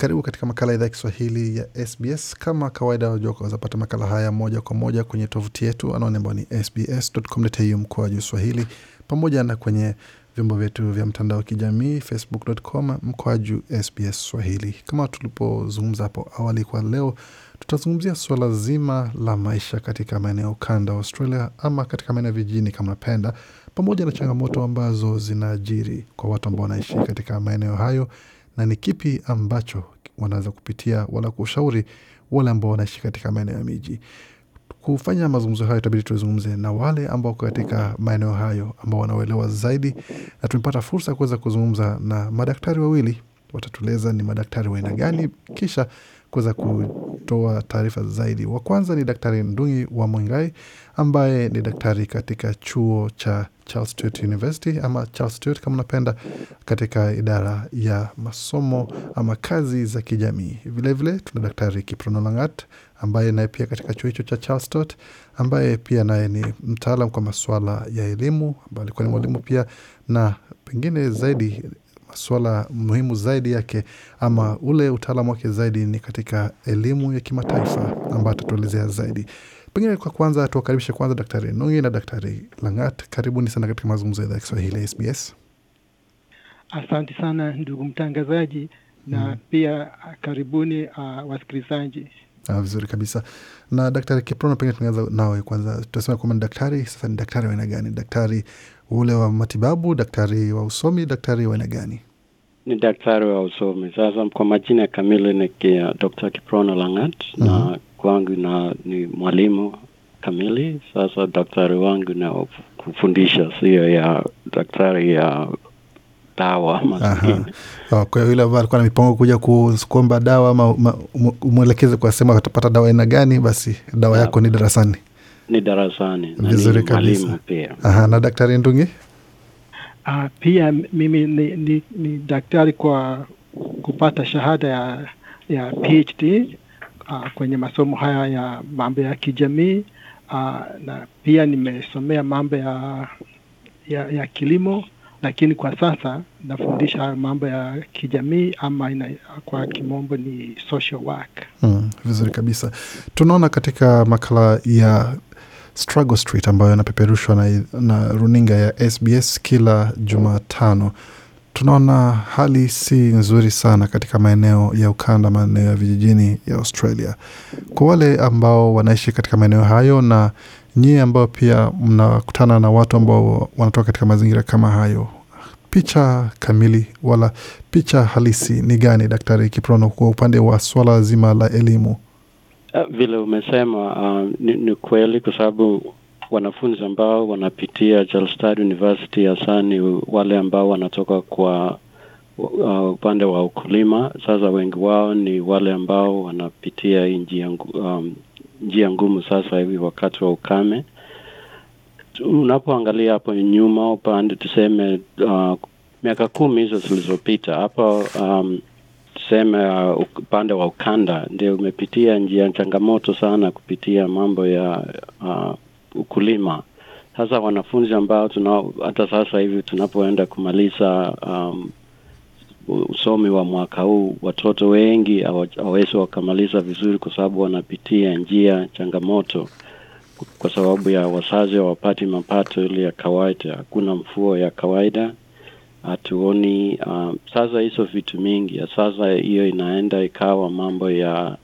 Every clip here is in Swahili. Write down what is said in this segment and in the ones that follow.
Karibu katika makala idhaa ya Kiswahili ya SBS. Kama kawaida, wajua wazapata makala haya moja kwa moja kwenye tovuti yetu, anwani ambayo ni sbs.com.au mkoaju swahili, pamoja na kwenye vyombo vyetu vya mtandao wa kijamii facebook.com juu SBS swahili. Kama tulipozungumza hapo awali, kwa leo tutazungumzia suala zima la maisha katika maeneo kanda Australia ama katika maeneo vijijini kama napenda, pamoja na changamoto ambazo zinaajiri kwa watu ambao wanaishi katika maeneo hayo na ni kipi ambacho wanaweza kupitia wala kushauri wale ambao wanaishi katika maeneo ya miji. Kufanya mazungumzo hayo itabidi tuzungumze na wale ambao wako katika maeneo hayo ambao wanauelewa zaidi, na tumepata fursa ya kuweza kuzungumza na madaktari wawili watatueleza ni madaktari wa aina gani, kisha kuweza kutoa taarifa zaidi. Wa kwanza ni Daktari Ndungi wa Mwingai ambaye ni daktari katika chuo cha Charles Sturt University ama Charles Sturt kama unapenda, katika idara ya masomo ama kazi za kijamii. Vilevile tuna Daktari Kiprono Langat ambaye naye pia katika chuo hicho cha Charles Sturt, ambaye pia naye ni mtaalam kwa masuala ya elimu, ambaye alikuwa ni mwalimu pia na pengine zaidi masuala muhimu zaidi yake ama ule utaalamu wake zaidi ni katika elimu ya kimataifa ambayo atatuelezea zaidi. Pengine kwa kwanza tuwakaribishe kwanza Daktari Nungi na Daktari Langat. Karibuni sana katika mazungumzo ya idhaa ya Kiswahili ya SBS. Asante sana ndugu mtangazaji na hmm, pia karibuni uh, wasikilizaji. Ah, vizuri kabisa. Na Daktari Kiprono, pengine tunaanza nawe kwanza, tunasema kwamba ni daktari. Sasa ni daktari wa aina gani? Daktari ule wa matibabu, daktari wa usomi, daktari wa aina gani? Ni daktari wa usomi. Sasa kwa majina kamili ni kia, uh, Dr. Kiprono Langat mm -hmm. na mhm. kwangu na ni mwalimu kamili. Sasa daktari wangu na kufundisha sio ya daktari ya dawa kwa hiyo yule ambaye alikuwa na mipango kuja kuomba dawa ama umwelekeze kwasema atapata dawa aina gani, basi dawa yako ni darasani ni darasani vizuri kabisa Aha, na Daktari Ndungi uh, pia mimi ni, ni, ni daktari kwa kupata shahada ya, ya PhD uh, ah, kwenye masomo haya ya mambo ya kijamii uh, na pia nimesomea mambo ya, ya, ya kilimo lakini kwa sasa nafundisha mambo ya kijamii ama ina, kwa kimombo ni social work. Mm, vizuri kabisa. Tunaona katika makala ya Struggle Street ambayo inapeperushwa na, na runinga ya SBS kila Jumatano, tunaona hali si nzuri sana katika maeneo ya ukanda, maeneo ya vijijini ya Australia. Kwa wale ambao wanaishi katika maeneo hayo na nyie ambao pia mnakutana na watu ambao wanatoka katika mazingira kama hayo, picha kamili wala picha halisi ni gani, Daktari Kiprono, kwa upande wa swala zima la elimu? Ah, vile umesema uh, ni, ni kweli kwa sababu wanafunzi ambao wanapitia Jalstad University hasa ni wale ambao wanatoka kwa uh, upande wa ukulima. Sasa wengi wao ni wale ambao wanapitia nji ya um, njia ngumu sasa hivi wakati wa ukame. Unapoangalia hapo nyuma upande tuseme, uh, miaka kumi hizo zilizopita hapo, um, tuseme uh, upande uh, wa ukanda ndio umepitia njia changamoto sana kupitia mambo ya uh, ukulima. Sasa wanafunzi ambao tunao hata sasa hivi tunapoenda kumaliza um, usomi wa mwaka huu, watoto wengi hawawezi wakamaliza vizuri, kwa sababu wanapitia njia changamoto, kwa sababu ya wazazi hawapati mapato ile ya kawaida, hakuna mfuo ya kawaida hatuoni. Um, sasa hizo vitu mingi sasa, hiyo inaenda ikawa mambo ya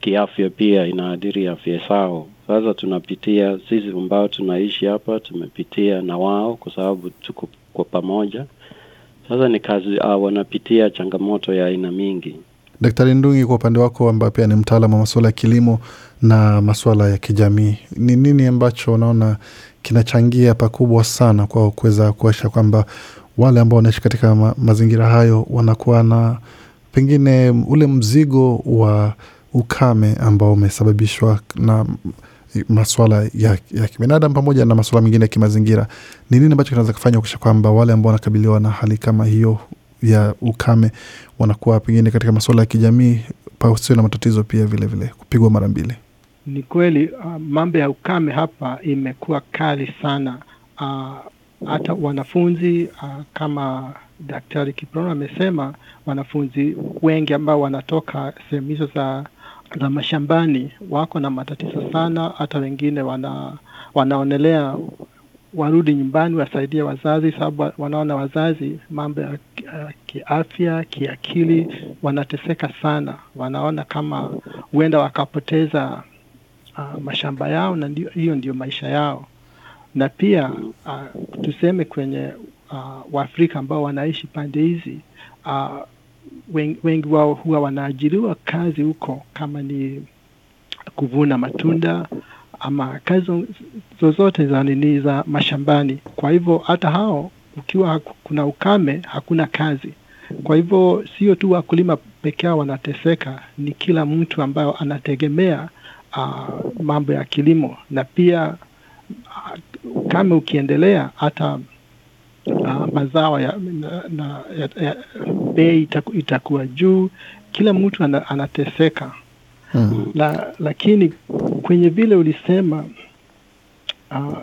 kiafya pia inaadhiri afya zao. Sasa tunapitia sisi ambao tunaishi hapa, tumepitia na wao, kwa sababu tuko kwa pamoja. Sasa ni kazi uh, wanapitia changamoto ya aina mingi. Daktari Ndungi, kwa upande wako ambaye pia ni mtaalamu wa masuala ya kilimo na masuala ya kijamii, ni nini ambacho unaona kinachangia pakubwa sana kwa kuweza kuakisha kwamba wale ambao wanaishi katika ma mazingira hayo wanakuwa na pengine ule mzigo wa ukame ambao umesababishwa na maswala ya, ya kibinadam pamoja na maswala mengine ya kimazingira. Ni nini ambacho kinaweza kufanya kuisha kwamba wale ambao wanakabiliwa na hali kama hiyo ya ukame wanakuwa pengine katika maswala ya kijamii pasio na matatizo pia vilevile vile, kupigwa mara mbili? Ni kweli uh, mambo ya ukame hapa imekuwa kali sana ah, hata uh, wanafunzi uh, kama Daktari Kiprono amesema wanafunzi wengi ambao wanatoka sehemu hizo za za mashambani wako na matatizo sana, hata wengine wana, wanaonelea warudi nyumbani wasaidie wazazi, sababu wanaona wazazi mambo ya uh, kiafya, kiakili wanateseka sana. Wanaona kama huenda wakapoteza uh, mashamba yao na hiyo ndio, ndio maisha yao. Na pia uh, tuseme kwenye uh, Waafrika ambao wanaishi pande hizi uh, wengi wao huwa wanaajiriwa kazi huko, kama ni kuvuna matunda ama kazi zozote za nini za mashambani. Kwa hivyo hata hao, ukiwa kuna ukame, hakuna kazi. Kwa hivyo sio tu wakulima peke yao wanateseka, ni kila mtu ambayo anategemea uh, mambo ya kilimo na pia ah, ukame ukiendelea hata uh, mazao ya, na, na, ya, ya, bei itaku, itakuwa juu, kila mtu anateseka. Hmm. La, lakini kwenye vile ulisema uh,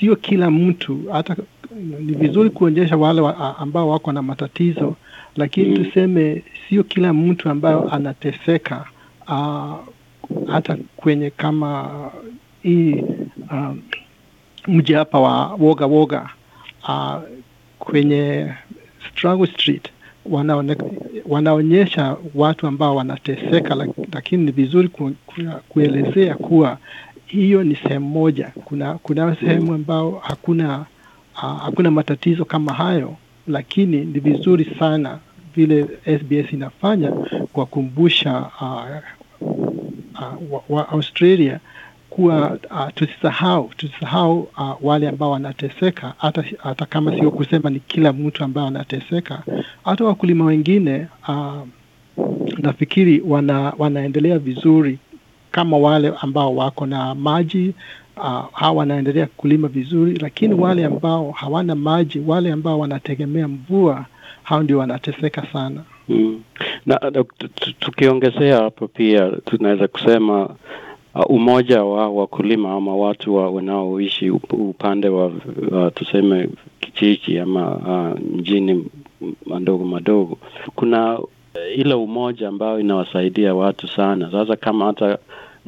sio kila mtu hata ni vizuri kuonyesha wale wa, ambao wako na matatizo, lakini tuseme sio kila mtu ambayo anateseka uh, hata kwenye kama hii uh, mji hapa wa woga woga uh, kwenye Struggle Street wanaonyesha watu ambao wanateseka, lakini ni vizuri kuelezea kuwa hiyo ni sehemu moja. Kuna kuna sehemu ambao hakuna uh, hakuna matatizo kama hayo, lakini ni vizuri sana vile SBS inafanya kuwakumbusha uh, uh, wa, wa Australia kuwa uh, tusisahau tusisahau uh, wale ambao wanateseka, hata hata kama sio kusema ni kila mtu ambaye anateseka, hata wakulima wengine uh, nafikiri wana, wanaendelea vizuri kama wale ambao wako na maji uh, hawa wanaendelea kulima vizuri, lakini wale ambao hawana maji, wale ambao wanategemea mvua, hao ndio wanateseka sana. Mm. Na tukiongezea hapo pia tunaweza kusema Uh, umoja wa wakulima ama watu wa wanaoishi upande wa uh, tuseme kijiji ama uh, mjini madogo madogo, kuna uh, ile umoja ambayo inawasaidia watu sana. Sasa kama hata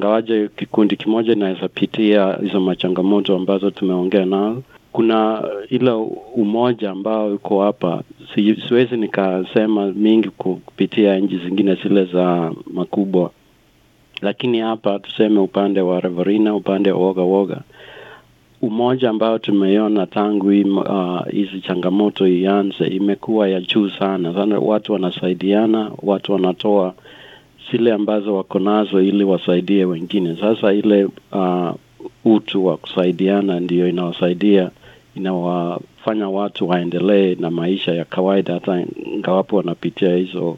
ngawaje kikundi kimoja inaweza pitia hizo machangamoto ambazo tumeongea nao, kuna ile umoja ambao uko hapa. Si, siwezi nikasema mingi kupitia nchi zingine zile za makubwa lakini hapa tuseme upande wa reverina upande woga woga, umoja ambao tumeiona tangu uh, hizi uh, changamoto ianze imekuwa ya juu sana sana. Watu wanasaidiana, watu wanatoa zile ambazo wako nazo ili wasaidie wengine. Sasa ile uh, utu wa kusaidiana ndiyo inawasaidia inawafanya watu waendelee na maisha ya kawaida hata ingawapo wanapitia hizo